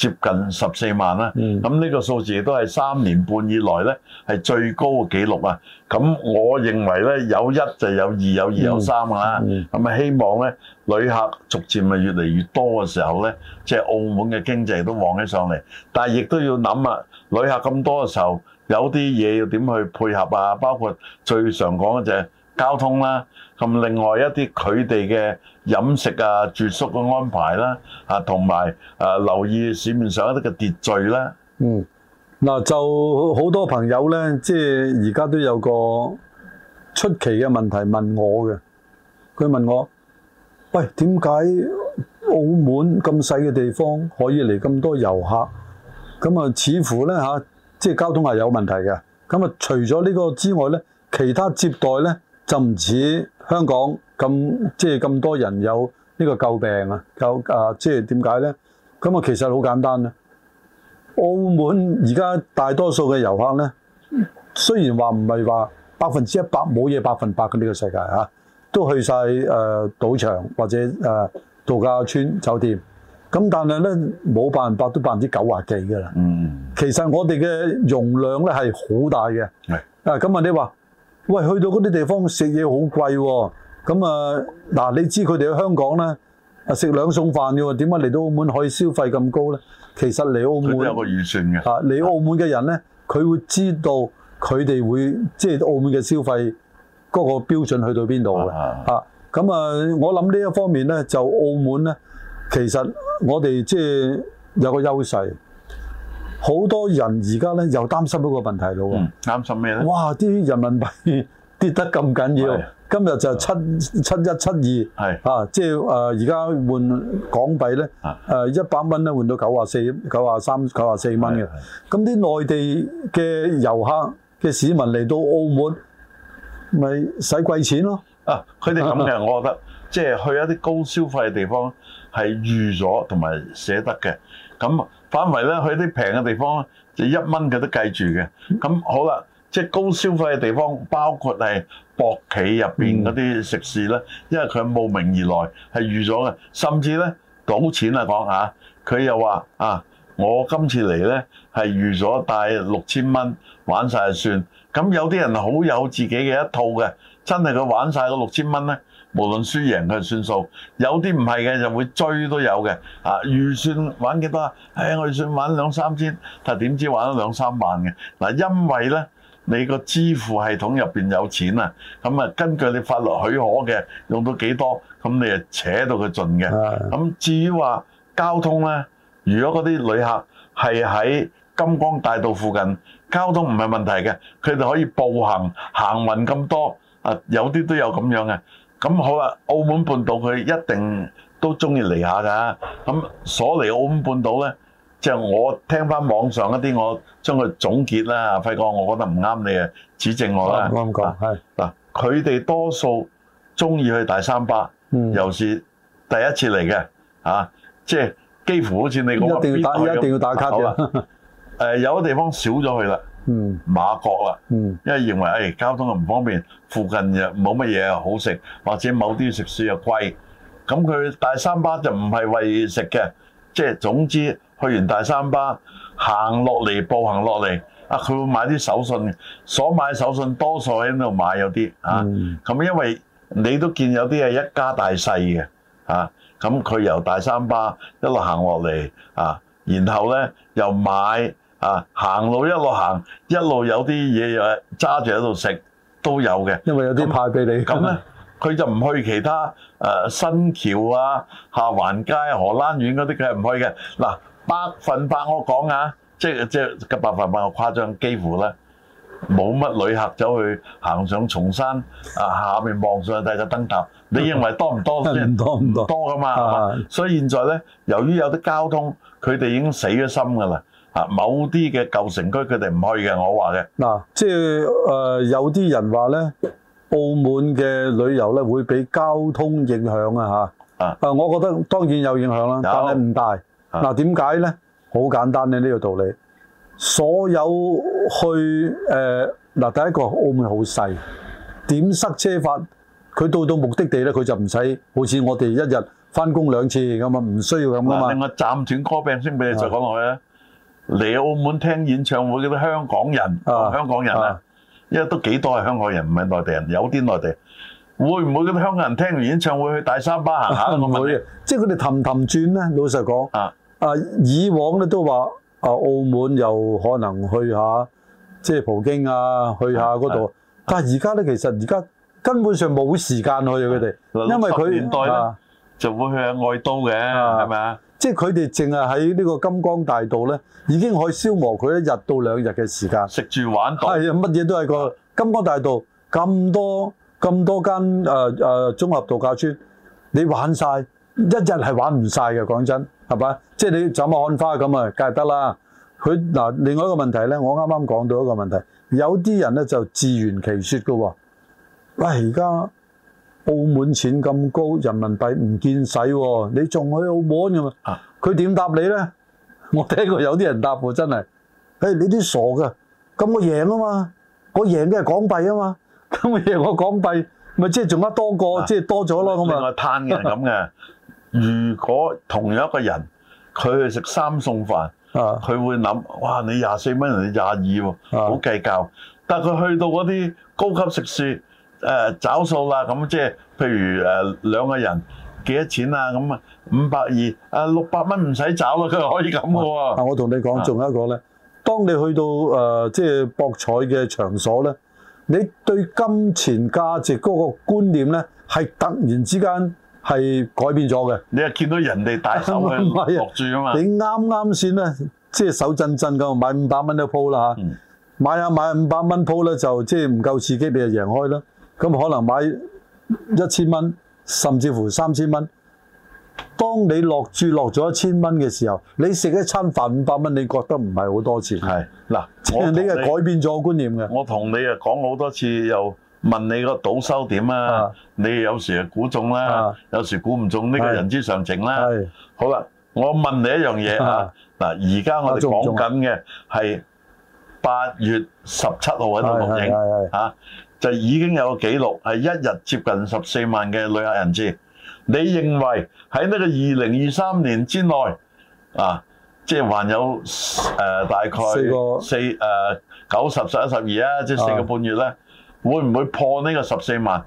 接近十四萬啦、啊，咁呢個數字都係三年半以來呢係最高嘅紀錄啊！咁我認為呢有一就有二，有二有三啊。啦、嗯。咁、嗯、啊，希望呢旅客逐漸越嚟越多嘅時候呢即係、就是、澳門嘅經濟都旺起上嚟。但係亦都要諗啊，旅客咁多嘅時候，有啲嘢要點去配合啊，包括最常講嘅就係。交通啦，同另外一啲佢哋嘅飲食啊、住宿嘅安排啦，嚇同埋誒留意市面上一啲嘅秩序啦。嗯，嗱就好多朋友咧，即係而家都有個出奇嘅問題，問我嘅。佢問我：喂，點解澳門咁細嘅地方可以嚟咁多遊客？咁啊，似乎咧吓，即係交通係有問題嘅。咁啊，除咗呢個之外咧，其他接待咧。就唔似香港咁，即係咁多人有呢個舊病啊，舊啊，即係點解咧？咁啊，其實好簡單啦。澳門而家大多數嘅遊客咧，雖然話唔係話百分之一百冇嘢，冇嘢百分之百嘅呢個世界嚇、啊，都去晒誒、呃、賭場或者誒度假村酒店。咁但係咧，冇百分百都百分之九十幾嘅啦。嗯，嗯，其實我哋嘅容量咧係好大嘅。係是的 啊，咁啊，你話？喂，去到嗰啲地方食嘢好貴喎、哦，咁啊嗱，你知佢哋喺香港咧，食兩餸飯嘅喎，點解嚟到澳門可以消費咁高咧？其實嚟澳門，有個預算嘅。啊，嚟澳門嘅人咧，佢會知道佢哋會即係澳門嘅消費嗰個標準去到邊度嘅。啊，咁啊，我諗呢一方面咧，就澳門咧，其實我哋即係有個優勢。好多人而家咧又擔心一個問題咯喎、嗯，擔心咩咧？哇！啲人民幣跌得咁緊要，的今日就七七一七二，啊，即係誒而家換港幣咧，誒一百蚊咧換到九啊四、九啊三、九啊四蚊嘅。咁啲內地嘅遊客嘅市民嚟到澳門，咪使貴錢咯？啊，佢哋咁嘅， 我覺得即係、就是、去一啲高消費嘅地方係預咗同埋捨得嘅，咁。反為咧，去啲平嘅地方咧，就一蚊佢都計住嘅。咁好啦，即係高消費嘅地方，包括係博企入邊嗰啲食肆咧，嗯、因為佢慕名而來，係預咗嘅。甚至咧賭錢啊講吓，佢又話啊，我今次嚟咧係預咗帶六千蚊玩晒就算。咁有啲人好有自己嘅一套嘅，真係佢玩晒個六千蚊咧。無論輸贏佢係算數，有啲唔係嘅就會追都有嘅。啊，預算玩幾多啊？哎，我預算玩兩三千，但係點知玩咗兩三萬嘅嗱，因為咧你個支付系統入面有錢啊，咁啊根據你法律許可嘅用到幾多，咁你啊扯到佢盡嘅。咁至於話交通咧，如果嗰啲旅客係喺金光大道附近，交通唔係問題嘅，佢哋可以步行行運咁多啊，有啲都有咁樣嘅。咁好啦，澳門半島佢一定都中意嚟下㗎。咁所嚟澳門半島咧，即、就是、我聽翻網上一啲，我將佢總結啦。輝哥，我覺得唔啱你啊，指正我啦。唔啱講，係嗱、啊，佢哋是多數中意去大三巴，又、嗯、是第一次嚟嘅，嚇、啊，即係幾乎好似你講一定要打，要打一定要打卡嘅、 呃。有啲地方少咗去啦。嗯，馬角啦，嗯，因為認為誒、哎、交通又唔方便，附近又冇乜嘢好食，或者某啲食肆又貴，咁佢大三巴就唔係為食嘅，即係總之去完大三巴行落嚟步行落嚟，啊，佢會買啲手信，所買手信多數喺度買有啲嚇，咁、嗯啊、因為你都見有啲係一家大細嘅嚇，咁、啊、佢由大三巴一路行落嚟啊，然後呢又買。啊！行路一路行，一路有啲嘢又揸住喺度食都有嘅。因為有啲派俾你咁咧，佢就唔去其他誒、呃、新橋啊、下環街、荷蘭園嗰啲，佢係唔去嘅。嗱、啊，百分百我講啊，即係即係百分百我誇張，幾乎咧冇乜旅客走去行上松山啊，下面望上去睇個燈塔。 你認為多唔多？ 唔多，唔多多噶嘛。的的所以現在咧，由於有啲交通，佢哋已經死咗心噶啦。啊，某啲嘅舊城區佢哋唔去嘅，我話嘅嗱，即係誒有啲人話咧，澳門嘅旅遊咧會俾交通影響啊嚇，啊，啊，我覺得當然有影響啦、啊，有但係唔大。嗱點解咧？好、啊、簡單咧、啊，呢、呢個道理，所有去誒嗱、呃啊，第一個澳門好細，點塞車法？佢到到目的地咧，佢就唔使好似我哋一日返工兩次咁啊，唔需要咁啊嘛。我暫斷 call break 先，俾你再講落去啊。嚟澳門聽演唱會嗰啲香港人，啊、香港人啊，因為都幾多係香港人，唔係內地人，有啲內地人，會唔會啲香港人聽完演唱會去大三巴行下？啊啊、會，即係佢哋氹氹轉咧。老實講，啊，啊，以往咧都話啊，澳門又可能去下，即係葡京啊，去下嗰度。啊、但係而家咧，啊、其實而家根本上冇時間去佢哋、啊，因為佢、啊、年代啦。就會向外渡嘅，係咪啊？吧即係佢哋淨係喺呢個金光大道咧，已經可以消磨佢一日到兩日嘅時間，食住玩到。係啊，乜嘢都係個金光大道咁多咁多間誒誒、呃呃、綜合度假村，你玩晒一日係玩唔晒嘅。講真係咪？即係你走馬看花咁啊，梗係得啦。佢嗱，另外一個問題咧，我啱啱講到一個問題，有啲人咧就自圓其説㗎喎。喂、哎，而家。澳門錢咁高，人民幣唔見使喎、哦，你仲去澳門㗎嘛？佢點、啊、答你咧？我聽過有啲人答喎，真係，誒、欸、你啲傻噶，咁我贏啊嘛，我贏嘅係港幣啊嘛，咁我贏個港幣，咪、就是啊、即係仲加多過，即係多咗咯。咁吧樣嘅攤嘅人咁嘅。啊、如果同樣一個人，佢去食三餸飯，佢、啊、會諗，哇，你廿四蚊同你廿二喎，好、啊、計較。但係佢去到嗰啲高級食肆。誒、呃、找數啦，咁即係譬如誒、呃、兩個人幾多錢啊？咁啊五百二啊六百蚊唔使找啦，佢可以咁喎。啊，啊我同你講，仲有一個咧，啊、當你去到誒即係博彩嘅場所咧，你對金錢價值嗰個觀念咧係突然之間係改變咗嘅。你係見到人哋大手去落住啊嘛？你啱啱先咧，即、就、係、是、手震震咁買五百蚊一鋪啦、啊、嚇，嗯、買下買五百蚊鋪咧、啊、就即係唔夠刺激，你就贏開啦。咁可能買一千蚊，甚至乎三千蚊。當你落注落咗一千蚊嘅時候，你食一餐飯五百蚊，你覺得唔係好多錢？係嗱，你係改變咗觀念嘅。我同你啊講好多次，又問你個賭收點啊，的你有時啊估中啦，的有時估唔中呢個人之常情啦。係好啦，我問你一樣嘢啊，嗱的，而家我哋講緊嘅係。是的八月十七號喺度錄影嚇、啊，就已經有個記錄係一日接近十四萬嘅旅客人次。你認為喺呢個二零二三年之內啊，即係還有誒大概四個四誒九十十一十二啊，即係四個半月咧，的會唔會破呢個十四萬？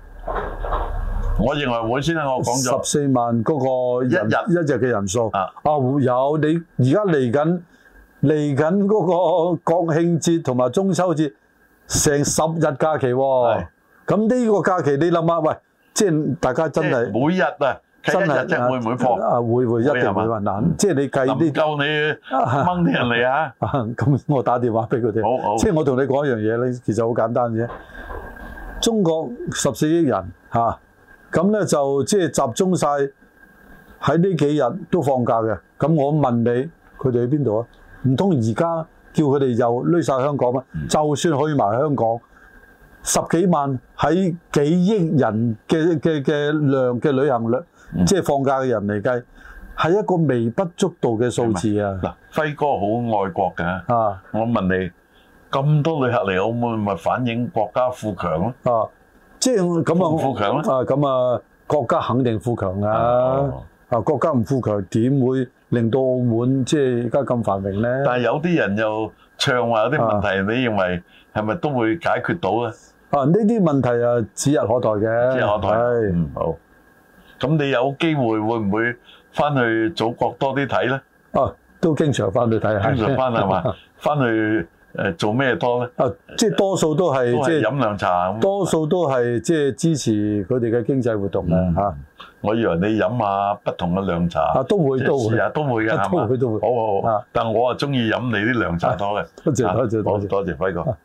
我認為會先啦。我講咗十四萬嗰個一日天一日嘅人數啊，啊會有你而家嚟緊。嚟緊嗰個國慶節同埋中秋節，成十日假期喎、哦。咁呢是個假期你諗下，喂，即係大家真係每日啊，真係即係會唔會放啊？會會一定會話難。即係你計啲夠你掹啲人嚟啊！咁、啊啊、我打電話俾佢哋。好好即係我同你講一樣嘢，你其實好簡單啫。中國十四億人嚇，咁、啊、咧就即係集中晒喺呢幾日都放假嘅。咁我問你，佢哋喺邊度啊？唔通而家叫佢哋又匿晒香港咩？就算去埋香港，嗯、十幾萬喺幾億人嘅嘅嘅量嘅旅行率，嗯、即係放假嘅人嚟計，係一個微不足道嘅數字啊！嗱，輝哥好愛國㗎啊！我問你，咁多旅客嚟澳門，咪反映國家富強咯？啊，即係咁啊！富，富強啊，咁啊，國家肯定富強㗎、啊！啊，啊，國家唔富強點會？令到澳門即係而家咁繁榮咧，但係有啲人又唱話有啲問題，你認為係咪都會解決到咧？啊，呢啲問題啊，指日可待嘅，指日可待。嗯，好。咁你有機會會唔會翻去祖國多啲睇咧？啊，都經常翻去睇，經常翻係嘛？翻去。誒，做咩多咧？啊，即係多數都係即係飲涼茶，多數都係即係支持佢哋嘅經濟活動啊！吓，我以為你飲下不同嘅涼茶啊，都會都會，試下都會嘅，都會。好好好，但我啊中意飲你啲涼茶多嘅。多謝多謝多謝多謝輝哥。